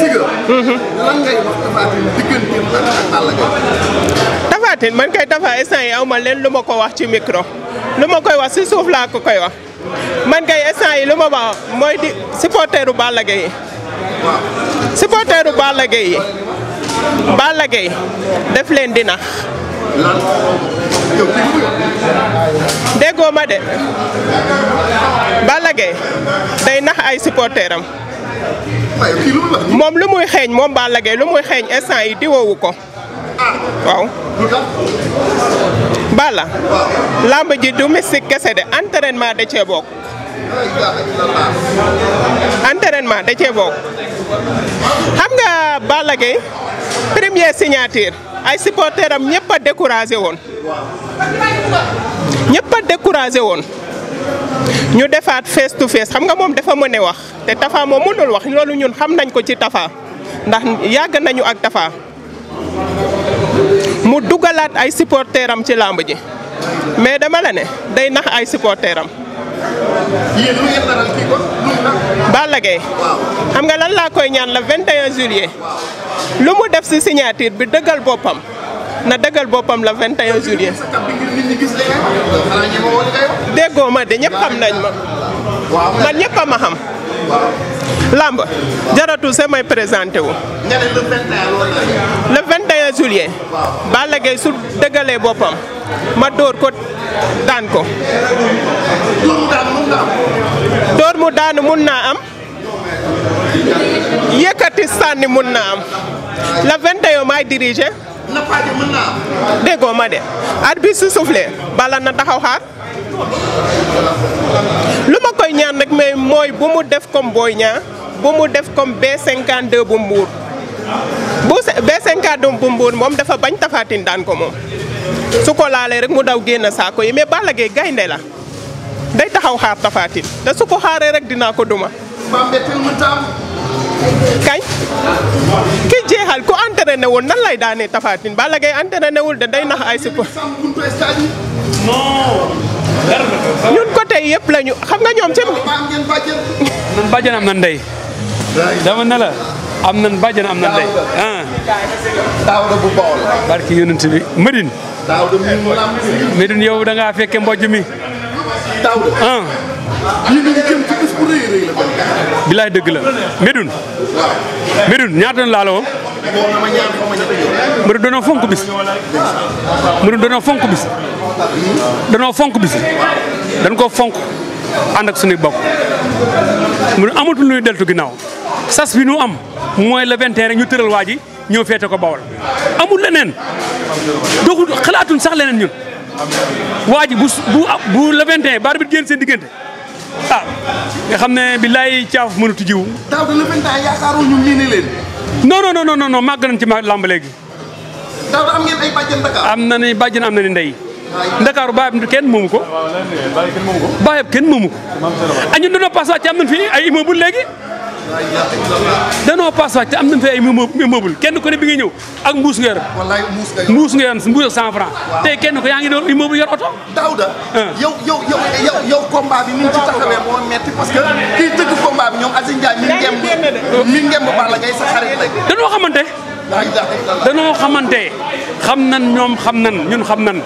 Siteu. Mhm. lan ngay wax man kay Tapha instant yi aw ma leen lu ma ko wax ci mikro lu ma koy wax si suuf laa ko koy wax man kay instant yi lu ma wax di supporteru Balla Gaye yi. waaw supporteru Balla Gaye def leen dina déggoo ma de Balla Gaye day nax ay supporteram moom lu muy xeeñ moom Balla Gaye lu muy xeeñ instant yi di diwoowu ko ah. waaw Balla làmb ji du mystique kese de entraînement da cee bokk entraînement da cee bokk xam nga Balla Gaye première signature ay supporteram ñëpp a découragé woon ñëpp a découragé woon ñu defaat face to face xam nga moom dafa mëne wax te Tafa moo mënul wax loolu ñun xam nañ ko ci Tafa ndax yàgg nañu ak Tafa mu dugalaat ay supporteurs ci làmb ji mais dama la ne day nax ay supporteurs am. Balla xam nga lan laa koy ñaan la 21 juillet lu mu def ci signature bi dëggal boppam. na dëggal boppam la 21 juillet. déggoo ma de ñëpp nañ ma. man ñëpp a xam. Lamb jaratul samay présenté wu. le 21 juillet. Balla Gaye su dëggalee boppam ma dóor ko daan ko. dóor mu daanu mun naa am. yëkkati sànni mun naa am. le 21 maay diriger. nappaaje mën naa am. déggoo ma de arbitre su soufflé bala na taxaw xaar lu ma koy ñaan rek mais mooy bu mu def comme Boy Niang bu mu def comme B52 bu Mbour. bu B52 bu Mbour moom dafa bañ tafaatin daan ko moom su ko laalee rek mu daw génn saako yi mais Balla Gaye gaynde la day taxaw xaar tafaatin te su ko xaaree rek dinaa ko duma. kañ ki jeexal ku entraîné wul nan lay daanee Tapha Tine Balla Gaye entraîné wul de day nax ay support ñun côté yëpp la ñu xam nga ñoom ci nan bàjjan am na ndey dama ne la am nan bàjjan am na ndey ah daawda bu bawol barki yonent bi Médine Médine yow da ngaa fekke mbojj mi daawda ah. bilaay dëgg la Médoune. Médoune ñaata la laaloo. Médoune danoo fonk bis. Médoune danoo fonk bis. danoo fonk bis dañ ko fonk ànd ak suñuy bokk. Médoune amatul luy deltu ginnaaw sas bi nu am mooy le 21 rek ñu tëral waa ji ñëw feete ko bawal amul leneen doxul xalaatuñ sax leneen ñun. waa ji bu bu bu le 21 baar bi génn seen diggante. ah nga xam ne billaay caaf mënatu jiw. daaw de le vingt ans yaakaaroo ñu miine leen. non non non non nañ ci làmb léegi. daaw am ngeen ay bàjjen Dakar. am na ni bàjjen am na ni ndey. Ndakaaru baaxeeb kenn moomu ko. baaxeeb kenn moomu ko. ah ñun dañoo paas wàcc am nañu fi ay immeuble léegi. danoo paas wàcc am nañu fi ay immeuble kenn ku ne bi nga ñëw ak mbuus nga yor. wallaay mbuus nga yor mbuus nga yor mbuus cent franc. tey kenn ko yaa ngi doon immeuble yor oto. Daouda. Ah. yow yow yow yow yow combat bi ni mu ci taxawee moo metti parce que kii tëgg combat bi ñoom Aziz Ndiaye mi ngi ngemb mi ngi ngemb Balla Gaye sa xarit rek. danoo xamante. danoo xamante xam nan ñoom xam nan ñun xam nan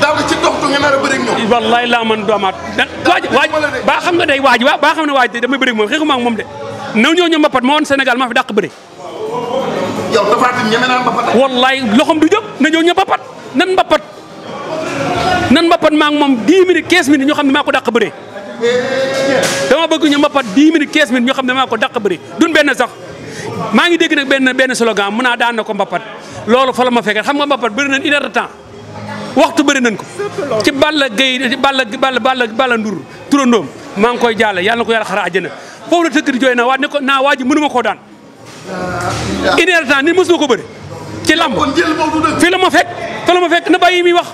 daaw ci dox a bëri laa man doomaat. da waaj waaj baa xam nga day waaj waa baa xam waaj de damay bëri ak moom xeexuma ak moom de. naw ñoo ñoom mbapat moo woon Sénégal maa fi dàq bëri. yow dafa du jóg na ñoo ñoom mbapat nan mbapat nan mbapat maa ngi moom 10 minutes 15 minutes ñoo xam ne maa ko dàq bëri. dama bëgg ñu mbapat 10 minutes 15 minutes ñoo xam ne maa ko dàq bëri duñ benn sax maa ngi dégg nag benn benn slogan mun naa daan na ko mbapat loolu fa la ma fekkee xam nga mbapat bëri na une heure de waxtu bëri nañ ko ci Balla Gaye ci Balla Balla Balla Ndour maa ngi koy jàll yàlla na ko yàlla xara àjjana foofu la tëkk di jooy naa waa ne ko ma koo daan une heure temps ni mosuma ko bëri ci lamb fii la ma fekk fa la ma fekk na bàyyi mi wax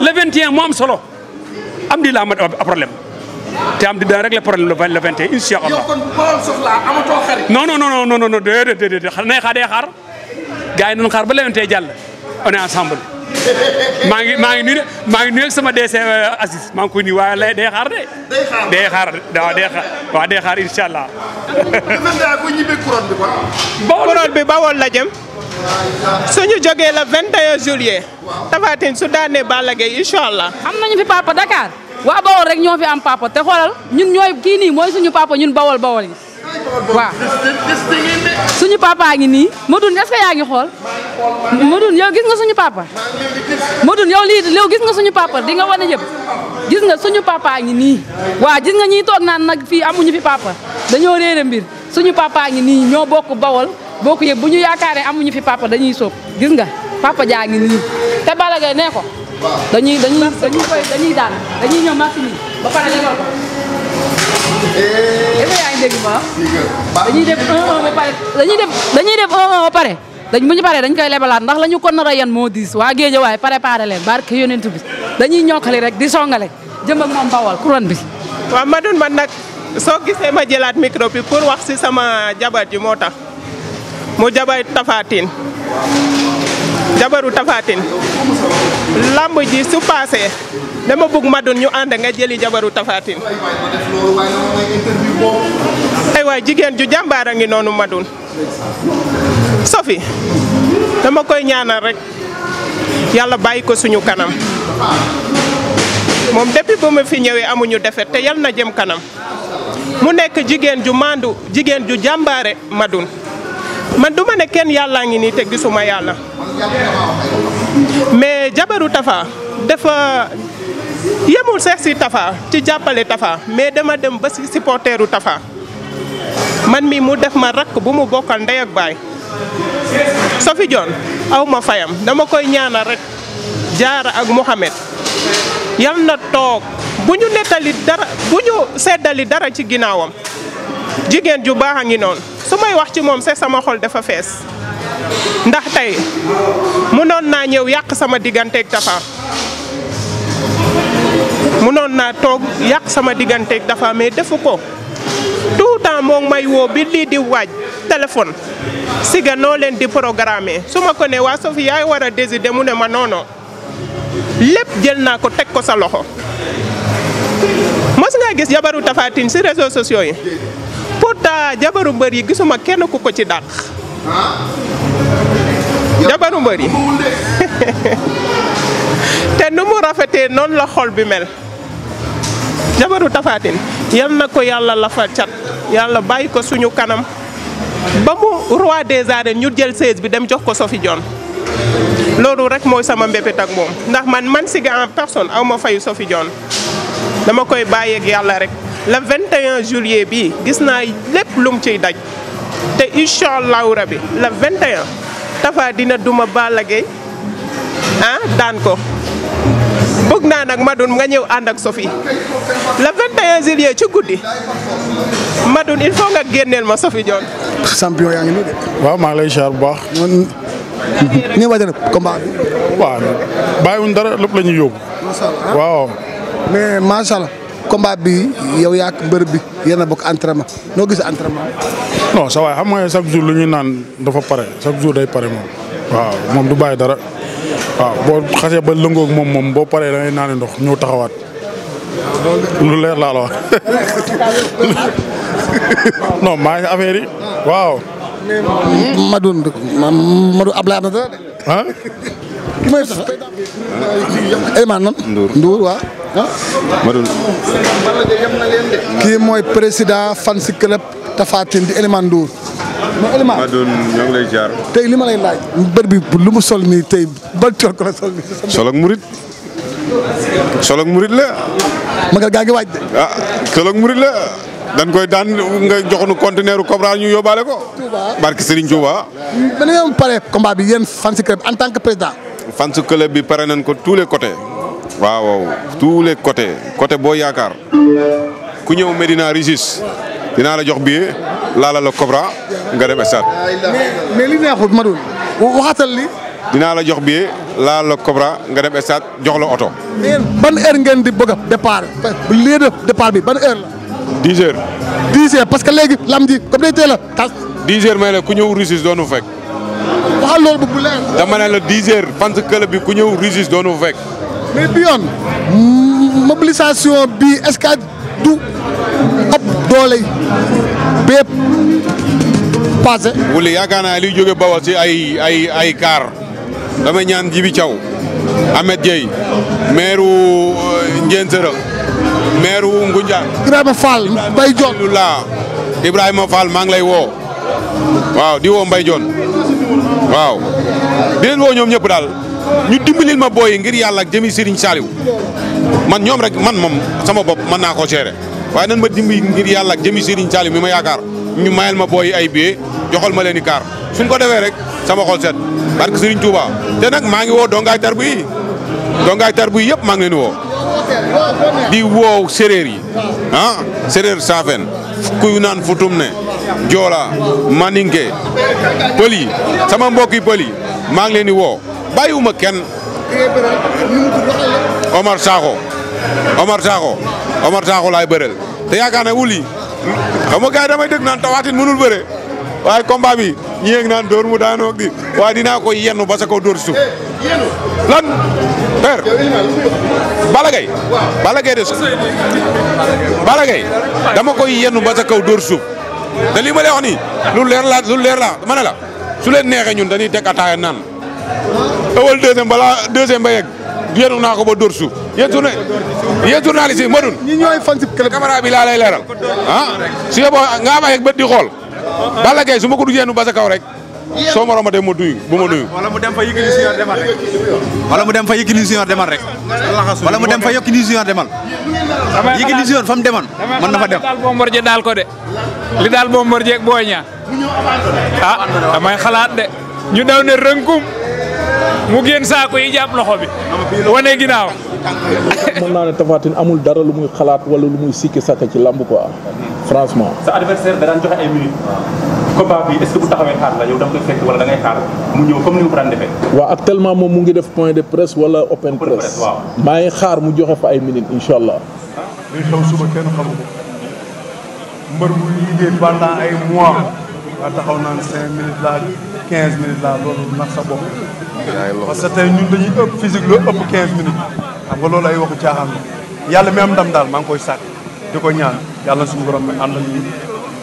le mu am solo am di la am problème te am di daan rek le problème le 21 incha allah. yow kon boo soxlaa amatoo xarit. non non non non non déedéet déedéet xanaa nay ba le jàll on est ensemble. maa ngi maa ngi nuyu maa ngi nuyu sama DC euh, maa ngi koy nuyu waaye lay day xaar de. day xaar day xaar waaw day xaar bi bawol la jëm. suñu jógee le 21 juillet. Tapha Tine su daanee Balla Gaye incha am nañu fi papa Dakar. waa bawol rek ñoo fi am papa te xoolal ñun ñooy kii nii mooy suñu papa ñun bawol bawol yi. waaw suñu papa ngi nii Modou est yaa ngi xool Modou yow gis nga suñu papa Modou yow lii yow gis nga suñu papa di nga wane yëpp gis nga suñu papa ngi nii waa gis nga ñiy toog naan nag fii amuñu fi papa dañoo réer mbir suñu papa ngi nii ñoo bokk bawol bokk yëpp bu ñu yaakaaree amuñu fi papa dañuy sóob gis nga papa jaa ngi nii te Balla Gaye nee ko dañuy dañuy daan dañuy ñëw nii est-ce que yaa dañuy def un un ba pare dañuy def dañuy def un pare dañ bu ñu paree dañ koy lebalaat ndax lañu kon ko yan moo diis waa géej waaye préparé leen barke yonent bi dañuy ñokkali rek di songale jëm ak moom bawal couronne bi. waaw Madoune man nag soo gisee ma jëlaat micro bi pour si sama jabar ji moo tax mu jabar Tapha jabaru Tafatine làmb ji su paasee dama bëgg Madoune ñu ànd nga jëli jabaru Tafatine. aywa jigéen ju jàmbaar a ngi noonu Madoune. Sophie dama koy ñaanal rek yàlla bàyyi ko suñu kanam moom depuis ba mu fi ñëwee amuñu defet te yal na jëm kanam mu nekk jigéen ju maandu jigéen ju jàmbaare Madoune man duma ne kenn yàllaa ngi nii te gisuma yàlla. mais jabaru Tafa dafa yemul seex si Tafa ci jàppale Tafa mais dama dem ba si supporteru Tafa man mi mu def ma rakk bu mu bokkal ndey ak baay Sophie Dione aw ma fayam dama koy ñaanal rek jaara ak Mouhamed yal na toog bu ñu nettali dara bu ñu seddali dara ci ginnaawam jigéen ju baax ngi noonu su may wax ci moom sax sama xol dafa fees ndax tey mënoon naa ñëw yàq sama digganteeg Tapha mënoon naa toog yàq sama digganteeg dafa mais defu ko tout temps moom may woo bi lii di waaj téléphone siga noo leen di programmer su ma ko ne waa Sophie yaay war a décider mu ne ma noono lépp jël naa ko teg ko sa loxo mos ngaa gis jabaru Tapha Tine si réseaux sociaux yi pourtant jabaru mbër yi gisuma kenn ku ko ci dàq jabaru mbër yi te nu mu rafetee noonu la xol bi mel jabaru tafaatin yal na ko yàlla lafal cat yàlla bàyyi ko suñu kanam ba mu roi de arènes ñu jël seize bi dem jox ko Sophie Dione loolu rek mooy sama mbébét ak moom ndax man man siga en personne aw ma fayu Sophie dama koy bàyyeeg yàlla rek la 21 juillet bi gis naa lépp lum ciy daj te incha allahu rabi la 21 Tapha dina duma Balla Gaye ah daan ko bëgg naa nag Madoune nga ñëw ànd ak Sophie le 21 juillet ci guddi Madoune il faut nga génneel ma Sophie Dione. champion yaa ngi nii de. waaw maa lay ziar baax. ñu waaj nag combat bi. waaw bàyyiwuñ dara lépp la ñuy combat bi yow yaa ak mbër bi yéen a bokk entraînement noo gis entraînement. non sa xam nga chaque jour lu ñuy naan dafa pare chaque jour day pare moom waaw moom du bàyyi dara waaw boo xasee ba lëngoog moom moom boo paree da ngay naan ndox ñëw taxawaat. lu leer laa la wax non maa ngi affaire yi waaw. Madoune Madou Ablaye am na dara de. ah. ki may tax Ndour Ndour waaw. kii mooy président fan si club Tapha Tine di Eliman Ndour. ma Eliman ñoo ngi lay jaar. tey li ma lay laaj. bër bi lu mu sol nii tey ban col sol nii. sol ak murit. sol ak murit la. magal gaa ngi waaj de. Ah, sol ak murit la. dañ koy daan nga jox nu Cobra ñu yóbbaale ko. Touba barke Serigne Touba. mais ni ngeen pare combat bi yéen fan si club en tant que président. fan si club bi pare nañ ko tous les côté waaw waaw tous les côté côté boo yaakaar ku ñëw Medina Régis dinaa la jox billet laala la Cobra nga dem stade. mais li neexul ma doon waxatal li. dinaa la jox billet laala la Cobra nga dem stade jox la oto. ban heure ngeen di bëgg a départ bu lieu de départ bi ban heure la. dix heures. parce que léegi lam ji comme day teel a tas. dix ku ñëw risis doonu fekk. waxal loolu bu leer. dama ne la dix heures fan club bi ku ñëw Régis doonu fekk. mais bi yoon bi est-ce que du ëpp doole bépp passé. wuli yaakaar naa liy jóge Bawol si ay ay ay kaar damay ñaan Jibi caw Ahmed Dieye maire wu euh, Ndiène Sera maire Ibrahima Fall Mbaye Dione Ibrahima Fall maa ngi lay woo waaw di woo Mbaye Dione waaw di leen woo ñoom ñëpp daal. ñu dimbalil ma booy ngir yàlla ak jëmi Serigne Saliou man ñoom rek man moom sama bopp mën naa koo gérer waaye nan ma dimbali ngir yàlla ak jëmi Serigne Saliou mi ma yaakaar ñu mayal ma booy ay billets joxal ma leen i kaar suñ ko defee rek sama xol set barke Serigne te nag maa ngi woo dongaay tarbu yi dongaay tarbu yi yëpp maa ngi leen di woo di woo séréer yi ah séréer saafen kuy naan futum ne joola maninke pël sama mbokk yi pël yi maa ngi leen di woo ma kenn. Omar Sakho Omar Sakho Omar Sakho laay bëreel te yaakaar ne wul yi xam nga gars yi damay dégg naan tawaatin mënul bëre waaye combat bi ñi yëg naan dóor mu daanoo di waaye dinaa koy yennu ba sa kaw dóor suuf lan père Balla Gaye de su Balla dama koy yennu ba sa kaw dóor suuf te lii ma lay wax nii lu leer laa lu leer ma ne la su leen neexee ñun dañuy teg ataaya naan ëwal deuxième balaa deuxième ba yegg yenu naa ko ba dóor suuf yéen journa yéen journaliste yi madun ñi ñooy fan si caméra bi laa lay leeral ah su yeboo nga am ay bët di xool Balla Gaye su ma ko du jeenu ba kaw rek soo ma rombatee ma duyu ma nuyu wala mu dem fa Yékini Junior demal rek wala mu dem fa Yékini Junior demal rek wala mu dem fa Yékini Junior demal Yékini Junior fa mu demoon mën na fa dem daal Bombardier daal ko de li daal Bombardier ak Boy Niang ah damay xalaat de ñu daw ne rënkum mu génn saako yi jàpp loxo bi wane ginnaaw. mën naa ne Tapha Tine amul dara lu muy xalaat wala lu muy sikki sàkk ci làmb quoi franchement. sa adversaire da joxe ay minutes. combat bi est-ce que bu taxawee xaar la yow da koy fekk wala da xaar mu ñëw ni mu ko daan moom mu ngi def point de presse wala open press maa ngi xaar mu joxe fa ay minutes incha allah. li xew suba kenn xamu mbër bu liggéey pendant ay mois nga taxaw parce que tey ñun dañuy ëpp physique lu ëpp 15 minutes xam nga loolu ay caaxaan la yàlla mi am daal maa ngi koy sàkk di ko ñaan yàlla suñu borom mi àndal ñu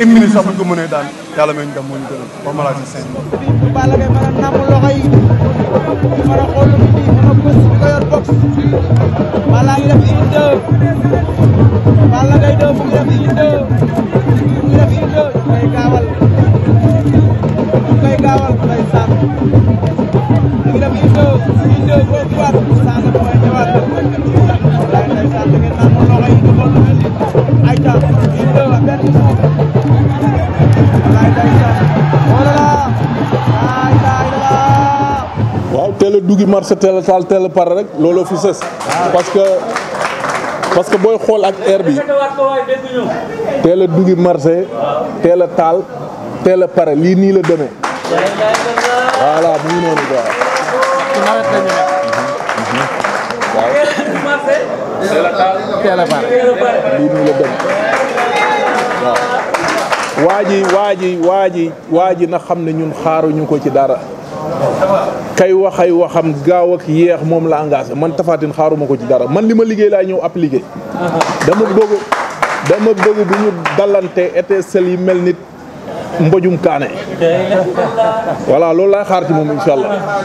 une minute sax buñ ko mënee daan mi ñu dem moo ñu gënal ko ma laa ci seen Balla Gaye mën a nàmm loxo yi mën a xool lu di mën a mu ngi def une mu ngi def une deux gaawal mu waaw teel duggi marché teel a taal teel pare rek looloo fi sës. parce que parce que booy xool ak air bi teel a duggi marché teel a taal teel a pare lii nii la demee. voilà mu ngi noonu quoi. nawet la ñu nekk. waa ji waa waa ji waa ji na xam ne ñun xaaruñu ko ci dara. kay waxay ay waxam gaaw ak yeex moom la engagé man tafaatin xaaruma ko ci dara man li ma liggéey laa ñëw appliqué. dama bëgg dama bëgg bu ñu dalante étincelle yi mel nit. mbojum kaane voilà loolu laay xaar ci moom incha allah